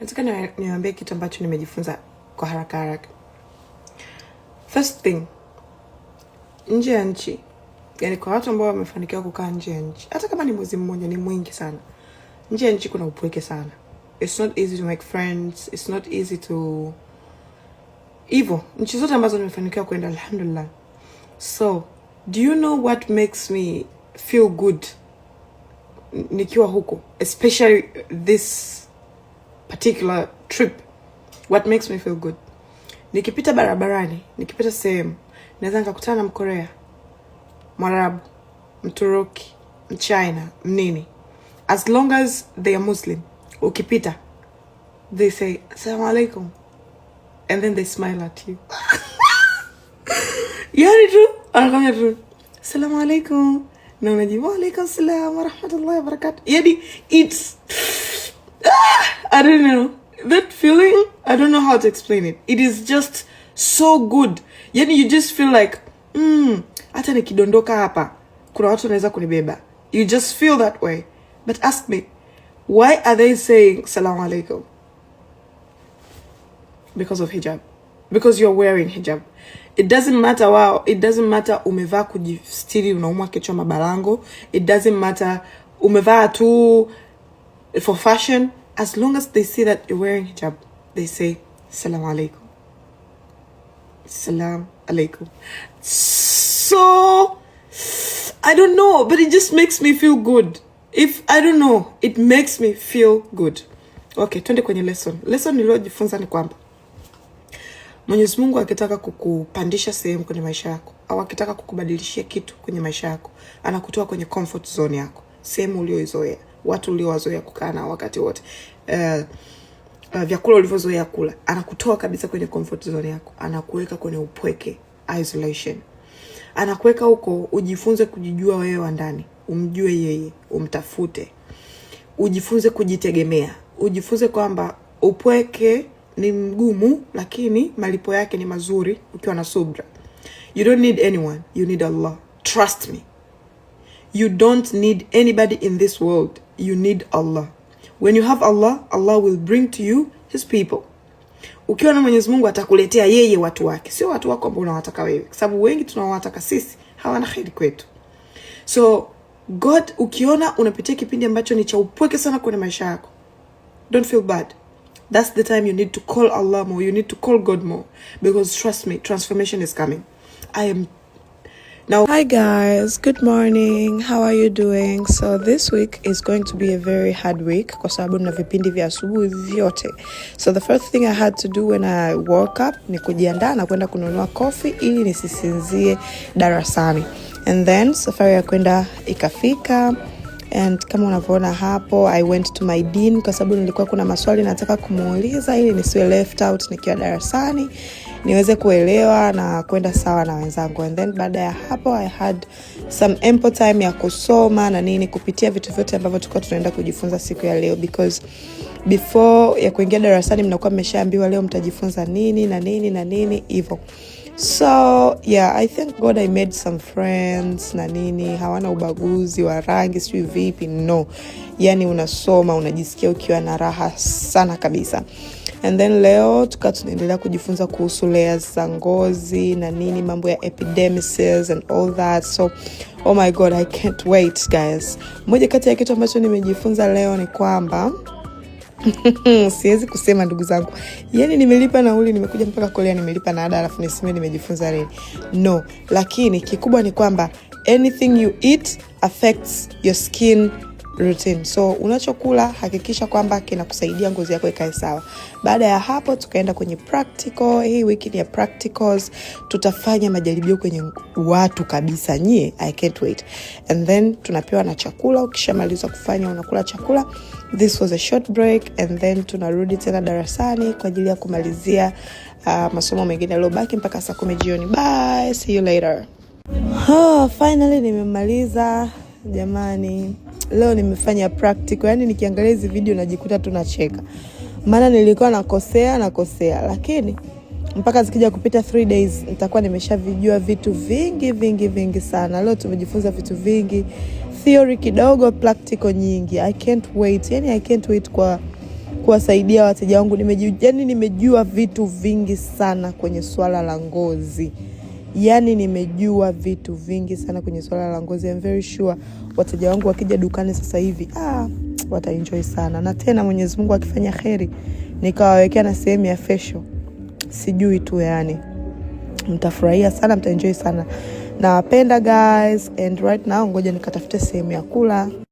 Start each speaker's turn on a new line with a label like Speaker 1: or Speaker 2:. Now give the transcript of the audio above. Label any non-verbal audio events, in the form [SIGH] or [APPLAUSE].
Speaker 1: nataka niwaambie kitu ambacho nimejifunza kwa haraka haraka. First thing, nje ya nchi, yani kwa watu ambao wamefanikiwa kukaa nje ya nchi, hata kama ni mwezi mmoja, ni mwingi sana. Nje ya nchi kuna upweke sana, it's not easy to make friends, it's not easy to hivyo. Nchi zote ambazo nimefanikiwa kwenda, alhamdulillah. So do you know what makes me feel good nikiwa huko, especially this particular trip, what makes me feel good, nikipita barabarani, nikipita sehemu, naweza nikakutana na Mkorea, Mwarabu, Mturuki, Mchina, mnini, as long as they are Muslim, ukipita they say assalamu alaikum and then they smile at you [LAUGHS] yani tu anakwambia tu assalamu alaikum na unajibu waalaikum salam warahmatullahi wabarakatu yani it's I don't know. That feeling, I don't know how to explain it. It is just so good. Yaani you just feel like, hmm, hata nikidondoka hapa, kuna watu wanaweza kunibeba. You just feel that way. But ask me, why are they saying salamu alaikum? Because of hijab. Because you're wearing hijab. It doesn't matter wow, it doesn't matter umevaa kujistiri unaumwa kichwa mabalango. It doesn't matter umevaa tu for fashion as long as they see that you're wearing hijab, they say, Salam alaikum. Salam alaikum. So, I don't know, but it just makes me feel good. If, I don't know, it makes me feel good. Okay, twende kwenye lesson. Lesson niliyojifunza ni kwamba Mwenyezi Mungu akitaka kukupandisha sehemu kwenye maisha yako au akitaka kukubadilishia kitu kwenye maisha yako, anakutoa kwenye comfort zone yako, sehemu uliyoizoea watu uliowazoea kukaa nao wakati wote uh, uh, vyakula ulivyozoea kula, anakutoa kabisa kwenye comfort zone yako, anakuweka kwenye upweke isolation, anakuweka huko ujifunze kujijua wewe wa ndani, umjue yeye, umtafute, ujifunze kujitegemea, ujifunze kwamba upweke ni mgumu, lakini malipo yake ni mazuri ukiwa na subra. You don't need anyone, you need Allah. Trust me. You don't need anybody in this world. You need Allah. When you have Allah, Allah will bring to you his people. Ukiwa na Mwenyezi Mungu atakuletea yeye watu wake, sio watu wako ambao unawataka wewe, kwa sababu wengi tunawataka sisi, hawana kheri kwetu. So God, ukiona unapitia kipindi ambacho ni cha upweke sana kwenye maisha yako, don't feel bad. That's the time you need to call Allah more, you need to call God more because trust me, transformation is coming. I am
Speaker 2: Now, hi guys, good morning. How are you doing? So this week is going to be a very hard week kwa sababu na vipindi vya asubuhi vyote. So the first thing I had to do when I woke up ni kujiandaa na kwenda kununua coffee ili nisisinzie darasani. And then safari ya kwenda ikafika and kama unavyoona hapo, I went to my dean kwa sababu nilikuwa kuna maswali nataka kumuuliza ili nisiwe left out nikiwa darasani, niweze kuelewa na kwenda sawa na wenzangu. And then baada ya hapo I had some ample time ya kusoma na nini, kupitia vitu vyote ambavyo tulikuwa tunaenda kujifunza siku ya leo, because before ya kuingia darasani mnakuwa mmeshaambiwa leo mtajifunza nini na nini na nini hivyo. So yeah, I thank God I made some friends na nini, hawana ubaguzi wa rangi sijui vipi, no. Yani unasoma unajisikia ukiwa na raha sana kabisa. And then leo tukawa tunaendelea kujifunza kuhusu lea za ngozi na nini, mambo ya epidermises and all that. So oh my god, I can't wait guys. Moja kati ya kitu ambacho nimejifunza leo ni kwamba [LAUGHS] siwezi kusema ndugu zangu, yani nimelipa nauli, nimekuja mpaka Korea, nimelipa na ada, alafu niseme nimejifunza nini? No, lakini kikubwa ni kwamba anything you eat affects your skin routine. So unachokula hakikisha kwamba kinakusaidia ngozi yako ikae sawa. Baada ya hapo, tukaenda kwenye practical. Hii wiki ni ya practicals, tutafanya majaribio kwenye watu kabisa nyie, I can't wait. And then tunapewa na chakula, ukishamaliza kufanya unakula chakula. This was a short break and then tunarudi tena darasani kwa ajili ya kumalizia uh, masomo mengine yaliyobaki mpaka saa kumi jioni. Bye, see you later. Oh, finally nimemaliza jamani leo nimefanya practical. Yani nikiangalia hizi video najikuta tu nacheka maana nilikuwa nakosea nakosea, lakini mpaka zikija kupita 3 days nitakuwa nimeshavijua vitu vingi vingi vingi sana. Leo tumejifunza vitu vingi, theory kidogo, practical nyingi. I can't wait, yani I can't wait kwa kuwasaidia wateja wangu. Nimejua, yani nimejua vitu vingi sana kwenye swala la ngozi yani nimejua vitu vingi sana kwenye swala la ngozi. I'm very sure wateja wangu wakija dukani sasa hivi ah, wataenjoy sana, na tena Mwenyezi Mungu akifanya kheri nikawawekea na sehemu ya fesho sijui tu yani mtafurahia sana, mtaenjoy sana. Nawapenda guys, and right now, ngoja nikatafute sehemu ya kula.